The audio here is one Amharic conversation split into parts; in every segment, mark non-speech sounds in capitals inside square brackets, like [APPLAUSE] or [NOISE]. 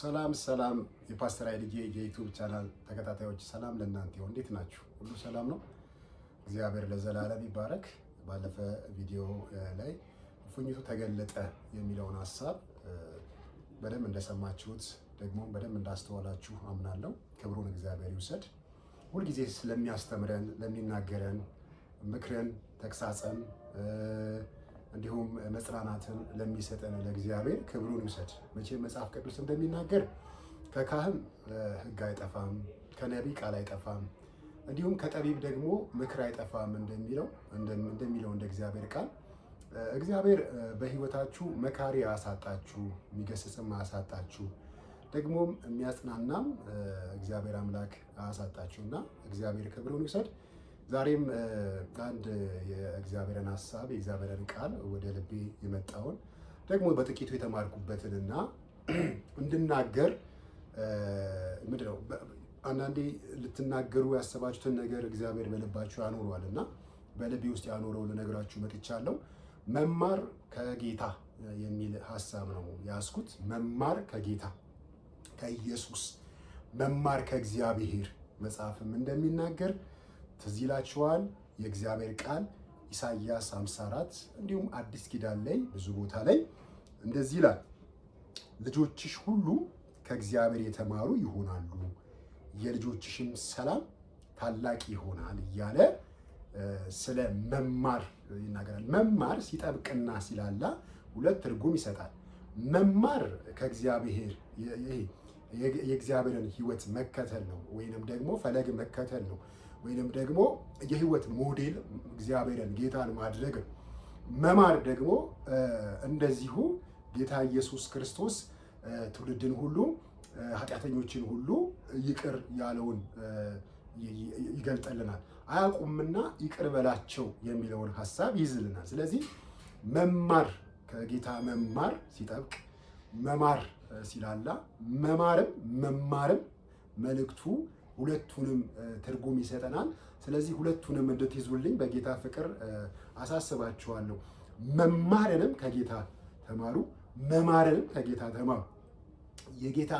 ሰላም ሰላም የፓስተር ኃይሌ የዩቱብ ቻናል ተከታታዮች ሰላም ለእናንተ ይሁን። እንዴት ናችሁ? ሁሉ ሰላም ነው? እግዚአብሔር ለዘላለም ይባረክ። ባለፈ ቪዲዮ ላይ እፉኝቱ ተገለጠ የሚለውን ሀሳብ በደንብ እንደሰማችሁት ደግሞ በደንብ እንዳስተዋላችሁ አምናለሁ። ክብሩን እግዚአብሔር ይውሰድ። ሁልጊዜ ስለሚያስተምረን ለሚናገረን ምክርን፣ ተግሳጸን እንዲሁም መጽናናትን ለሚሰጠን ለእግዚአብሔር ክብሩን ይውሰድ። መቼም መጽሐፍ ቅዱስ እንደሚናገር ከካህን ሕግ አይጠፋም፣ ከነቢይ ቃል አይጠፋም፣ እንዲሁም ከጠቢብ ደግሞ ምክር አይጠፋም እንደሚለው እንደሚለው እንደ እግዚአብሔር ቃል እግዚአብሔር በሕይወታችሁ መካሪ አያሳጣችሁ፣ የሚገስጽም አያሳጣችሁ፣ ደግሞም የሚያጽናናም እግዚአብሔር አምላክ አያሳጣችሁና እግዚአብሔር ክብሩን ይውሰድ። ዛሬም አንድ የእግዚአብሔርን ሀሳብ የእግዚአብሔርን ቃል ወደ ልቤ የመጣውን ደግሞ በጥቂቱ የተማርኩበትንና [CLEARS THROAT] እንድናገር ምንድን ነው አንዳንዴ ልትናገሩ ያሰባችሁትን ነገር እግዚአብሔር በልባችሁ ያኖረዋል እና በልቤ ውስጥ ያኖረው ልነግራችሁ መጥቻለሁ። መማር ከጌታ የሚል ሀሳብ ነው ያስኩት። መማር ከጌታ ከኢየሱስ መማር ከእግዚአብሔር መጽሐፍም እንደሚናገር ትዝ ይላችኋል የእግዚአብሔር ቃል ኢሳይያስ 54 እንዲሁም አዲስ ኪዳን ላይ ብዙ ቦታ ላይ እንደዚህ ይላል፣ ልጆችሽ ሁሉ ከእግዚአብሔር የተማሩ ይሆናሉ፣ የልጆችሽም ሰላም ታላቅ ይሆናል እያለ ስለ መማር ይናገራል። መማር ሲጠብቅና ሲላላ ሁለት ትርጉም ይሰጣል። መማር ከእግዚአብሔር የእግዚአብሔርን ሕይወት መከተል ነው፣ ወይንም ደግሞ ፈለግ መከተል ነው። ወይንም ደግሞ የህይወት ሞዴል እግዚአብሔርን ጌታን ማድረግ መማር ደግሞ እንደዚሁ ጌታ ኢየሱስ ክርስቶስ ትውልድን ሁሉ ኃጢአተኞችን ሁሉ ይቅር ያለውን ይገልጠልናል። አያውቁምና ይቅር በላቸው የሚለውን ሀሳብ ይይዝልናል። ስለዚህ መማር ከጌታ መማር ሲጠብቅ መማር ሲላላ መማርም መማርም መልእክቱ ሁለቱንም ትርጉም ይሰጠናል። ስለዚህ ሁለቱንም እንድትይዙልኝ በጌታ ፍቅር አሳስባችኋለሁ። መማርንም ከጌታ ተማሩ፣ መማርንም ከጌታ ተማሩ። የጌታ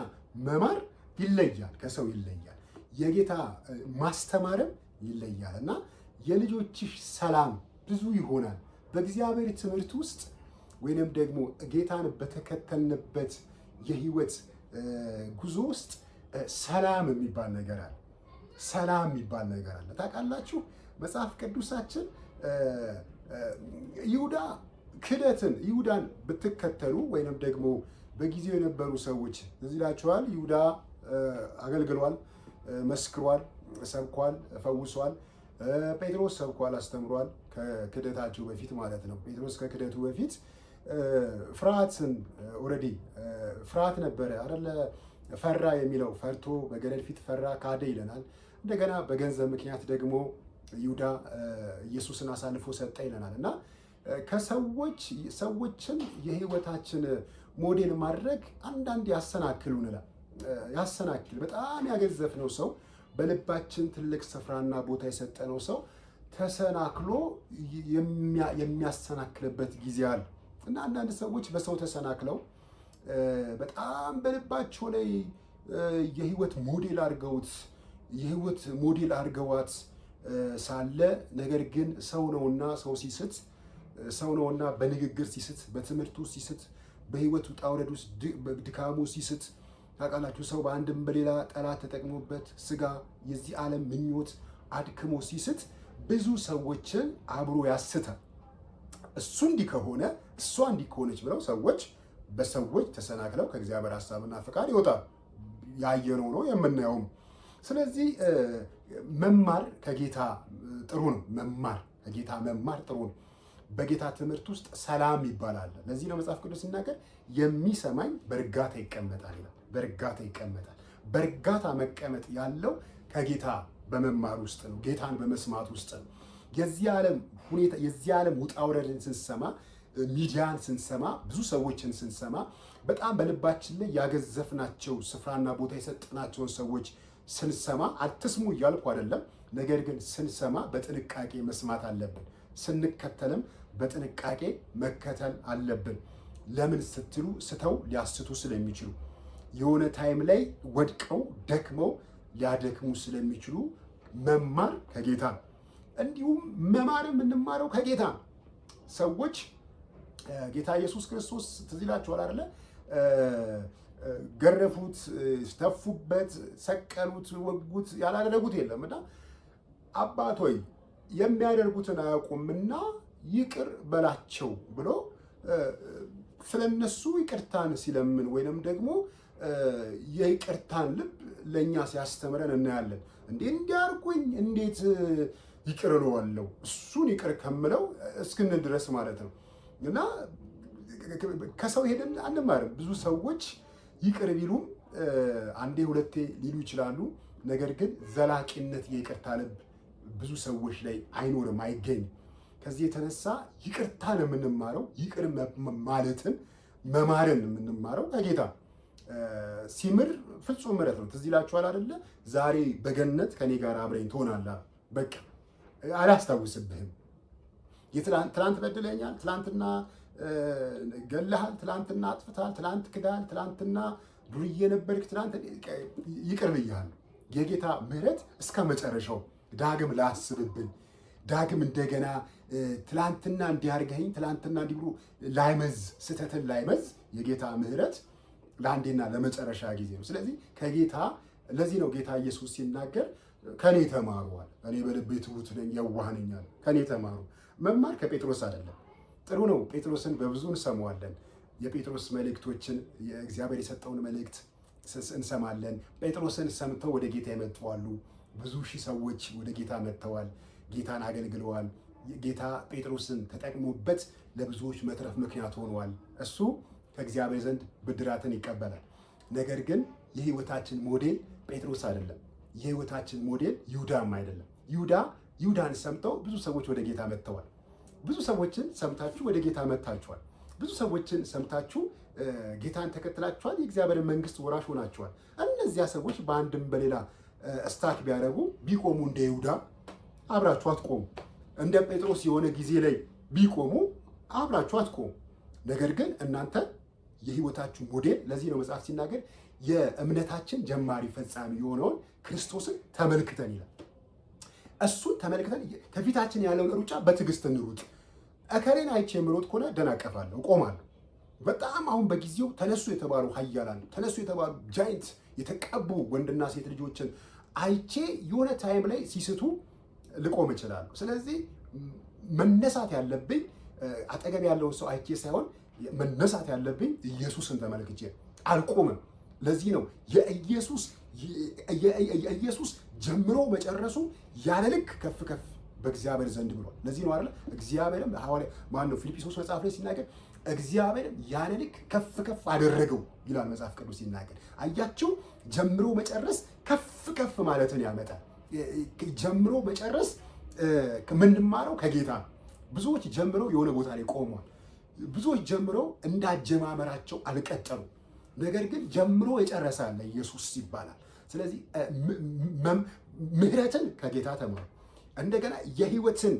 መማር ይለያል፣ ከሰው ይለያል። የጌታ ማስተማርም ይለያል እና የልጆችሽ ሰላም ብዙ ይሆናል በእግዚአብሔር ትምህርት ውስጥ ወይንም ደግሞ ጌታን በተከተልንበት የህይወት ጉዞ ውስጥ ሰላም የሚባል ነገር አለ። ሰላም የሚባል ነገር አለ። ታውቃላችሁ መጽሐፍ ቅዱሳችን ይሁዳ ክደትን ይሁዳን ብትከተሉ ወይንም ደግሞ በጊዜው የነበሩ ሰዎች እዚህ ይሁዳ አገልግሏል፣ መስክሯል፣ ሰብኳል፣ ፈውሷል። ጴጥሮስ ሰብኳል፣ አስተምሯል። ከክደታቸው በፊት ማለት ነው። ጴጥሮስ ከክደቱ በፊት ፍርሃትን ኦልሬዲ ፍርሃት ነበረ አደለ? ፈራ የሚለው ፈርቶ በገረድ ፊት ፈራ ካደ ይለናል። እንደገና በገንዘብ ምክንያት ደግሞ ይሁዳ ኢየሱስን አሳልፎ ሰጠ ይለናል እና ከሰዎች ሰዎችን የህይወታችን ሞዴል ማድረግ አንዳንድ ያሰናክሉን ያሰናክል በጣም ያገዘፍነው ሰው በልባችን ትልቅ ስፍራና ቦታ የሰጠነው ሰው ተሰናክሎ የሚያሰናክልበት ጊዜ አለ እና አንዳንድ ሰዎች በሰው ተሰናክለው በጣም በልባቸው ላይ የህይወት ሞዴል አድርገውት የህይወት ሞዴል አድርገዋት ሳለ ነገር ግን ሰው ነውና ሰው ሲስት ሰው ነውና በንግግር ሲስት፣ በትምህርቱ ሲስት፣ በህይወት ውጣ ውረድ ውስጥ ድካሙ ሲስት ታውቃላችሁ። ሰው በአንድም በሌላ ጠላት ተጠቅሞበት ስጋ የዚህ ዓለም ምኞት አድክሞ ሲስት ብዙ ሰዎችን አብሮ ያስታል። እሱ እንዲህ ከሆነ እሷ እንዲህ ከሆነች ብለው ሰዎች በሰዎች ተሰናክለው ከእግዚአብሔር ሀሳብና ፈቃድ ይወጣል። ያየነው ነው የምናየውም። ስለዚህ መማር ከጌታ ጥሩ ነው። መማር ከጌታ መማር ጥሩ ነው። በጌታ ትምህርት ውስጥ ሰላም ይባላል። ለዚህ ነው መጽሐፍ ቅዱስ ሲናገር የሚሰማኝ በእርጋታ ይቀመጣል ይላል። በእርጋታ ይቀመጣል። በእርጋታ መቀመጥ ያለው ከጌታ በመማር ውስጥ ነው። ጌታን በመስማት ውስጥ ነው። የዚህ ዓለም ሁኔታ የዚህ ዓለም ውጣ ውረድን ስንሰማ ሚዲያን ስንሰማ ብዙ ሰዎችን ስንሰማ በጣም በልባችን ላይ ያገዘፍናቸው ስፍራና ቦታ የሰጠናቸውን ሰዎች ስንሰማ አትስሙ እያልኩ አይደለም። ነገር ግን ስንሰማ በጥንቃቄ መስማት አለብን። ስንከተልም በጥንቃቄ መከተል አለብን። ለምን ስትሉ ስተው ሊያስቱ ስለሚችሉ የሆነ ታይም ላይ ወድቀው ደክመው ሊያደክሙ ስለሚችሉ መማር ከጌታ እንዲሁም መማር የምንማረው ከጌታ ሰዎች ጌታ ኢየሱስ ክርስቶስ ትዝ ይላችኋል አይደለ? ገረፉት፣ ተፉበት፣ ሰቀሉት፣ ወጉት፣ ያላደረጉት የለም እና አባት ሆይ የሚያደርጉትን አያውቁምና ይቅር በላቸው ብሎ ስለነሱ ይቅርታን ሲለምን ወይንም ደግሞ የይቅርታን ልብ ለእኛ ሲያስተምረን እናያለን። እንዴ እንዲያርጉኝ እንዴት ይቅር እለዋለሁ? እሱን ይቅር ከምለው እስክንድረስ ማለት ነው። እና ከሰው ሄደን አንማርም። ብዙ ሰዎች ይቅር ቢሉም አንዴ ሁለቴ ሊሉ ይችላሉ። ነገር ግን ዘላቂነት የይቅርታ ልብ ብዙ ሰዎች ላይ አይኖርም፣ አይገኝም። ከዚህ የተነሳ ይቅርታ ነው የምንማረው። ይቅር ማለትን መማርን የምንማረው ከጌታ ሲምር ፍጹም ምሕረት ነው። ትዝ ይላችኋል አይደለ? ዛሬ በገነት ከኔ ጋር አብረኝ ትሆናለህ። በቃ አላስታውስብህም ትላንት በድለኛል፣ ትላንትና ገለሃል፣ ትላንትና አጥፍታል፣ ትላንት ክዳል፣ ትላንትና ዱርዬ ነበርክ፣ ትላንት ይቅር ብያለሁ። የጌታ ምሕረት እስከ መጨረሻው ዳግም ላስብብን ዳግም እንደገና ትላንትና እንዲያርገኝ ትላንትና እንዲህ ላይመዝ ስህተትን ላይመዝ የጌታ ምሕረት ለአንዴና ለመጨረሻ ጊዜ ነው። ስለዚህ ከጌታ ለዚህ ነው ጌታ ኢየሱስ ሲናገር ከእኔ ተማሩ አለ። እኔ በልቤ ትሑት ነኝ የዋህ ነኝ አለ። ከኔ ተማሩ መማር ከጴጥሮስ አይደለም። ጥሩ ነው። ጴጥሮስን በብዙ እንሰማዋለን። የጴጥሮስ መልእክቶችን እግዚአብሔር የሰጠውን መልእክት እንሰማለን። ጴጥሮስን ሰምተው ወደ ጌታ ይመጥዋሉ። ብዙ ሺህ ሰዎች ወደ ጌታ መጥተዋል፣ ጌታን አገልግለዋል። ጌታ ጴጥሮስን ተጠቅሞበት ለብዙዎች መትረፍ ምክንያት ሆኗል። እሱ ከእግዚአብሔር ዘንድ ብድራትን ይቀበላል። ነገር ግን የህይወታችን ሞዴል ጴጥሮስ አይደለም። የህይወታችን ሞዴል ይሁዳም አይደለም። ይሁዳ ይሁዳን ሰምተው ብዙ ሰዎች ወደ ጌታ መጥተዋል። ብዙ ሰዎችን ሰምታችሁ ወደ ጌታ መጥታችኋል። ብዙ ሰዎችን ሰምታችሁ ጌታን ተከትላችኋል። የእግዚአብሔር መንግስት ወራሽ ሆናችኋል። እነዚያ ሰዎች በአንድም በሌላ እስታክ ቢያደርጉ ቢቆሙ እንደ ይሁዳ አብራችሁ አትቆሙ። እንደ ጴጥሮስ የሆነ ጊዜ ላይ ቢቆሙ አብራችሁ አትቆሙ። ነገር ግን እናንተ የህይወታችሁ ሞዴል ለዚህ ነው መጽሐፍ ሲናገር የእምነታችን ጀማሪ ፈጻሚ የሆነውን ክርስቶስን ተመልክተን ይላል። እሱን ተመልክተን ከፊታችን ያለውን ሩጫ በትዕግስት እንሩጥ። እከሌን አይቼ የምሮጥ ከሆነ ደናቀፋለሁ፣ ቆማለሁ። በጣም አሁን በጊዜው ተነሱ የተባሉ ሀያላን ተነሱ የተባሉ ጃይንት የተቀቡ ወንድና ሴት ልጆችን አይቼ የሆነ ታይም ላይ ሲስቱ ልቆም እችላለሁ። ስለዚህ መነሳት ያለብኝ አጠገብ ያለውን ሰው አይቼ ሳይሆን መነሳት ያለብኝ ኢየሱስን ተመልክቼ አልቆምም። ለዚህ ነው የኢየሱስ ጀምሮ መጨረሱ ያለ ልክ ከፍ ከፍ በእግዚአብሔር ዘንድ ብሏል። ለዚህ ነው አይደለ? እግዚአብሔርም ሐዋርያ ማን ነው ፊልጵስዩስ መጽሐፍ ላይ ሲናገር እግዚአብሔርም ያለ ልክ ከፍ ከፍ አደረገው ይላል መጽሐፍ ቅዱስ ሲናገር። አያቸው ጀምሮ መጨረስ ከፍ ከፍ ማለትን ያመጣል። ጀምሮ መጨረስ የምንማረው ከጌታ ነው። ብዙዎች ጀምረው የሆነ ቦታ ላይ ቆመዋል። ብዙዎች ጀምረው እንዳጀማመራቸው አልቀጠሉም። ነገር ግን ጀምሮ የጨረሰ አለ ኢየሱስ ይባላል። ስለዚህ ምህረትን ከጌታ ተማሩ። እንደገና የህይወትን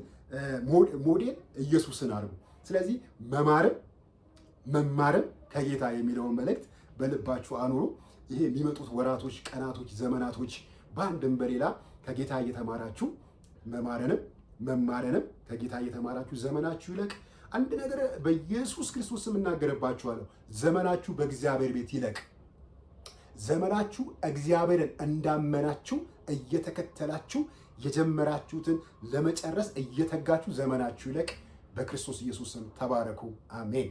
ሞዴል ኢየሱስን አድርጉ። ስለዚህ መማርም መማርም ከጌታ የሚለውን መልእክት በልባችሁ አኑሩ። ይሄ የሚመጡት ወራቶች፣ ቀናቶች፣ ዘመናቶች በአንድም በሌላ ከጌታ እየተማራችሁ መማረንም መማረንም ከጌታ እየተማራችሁ ዘመናችሁ ይለቅ አንድ ነገር በኢየሱስ ክርስቶስ ስም እናገርባችኋለሁ። ዘመናችሁ በእግዚአብሔር ቤት ይለቅ። ዘመናችሁ እግዚአብሔርን እንዳመናችሁ እየተከተላችሁ የጀመራችሁትን ለመጨረስ እየተጋችሁ ዘመናችሁ ይለቅ። በክርስቶስ ኢየሱስ ስም ተባረኩ። አሜን።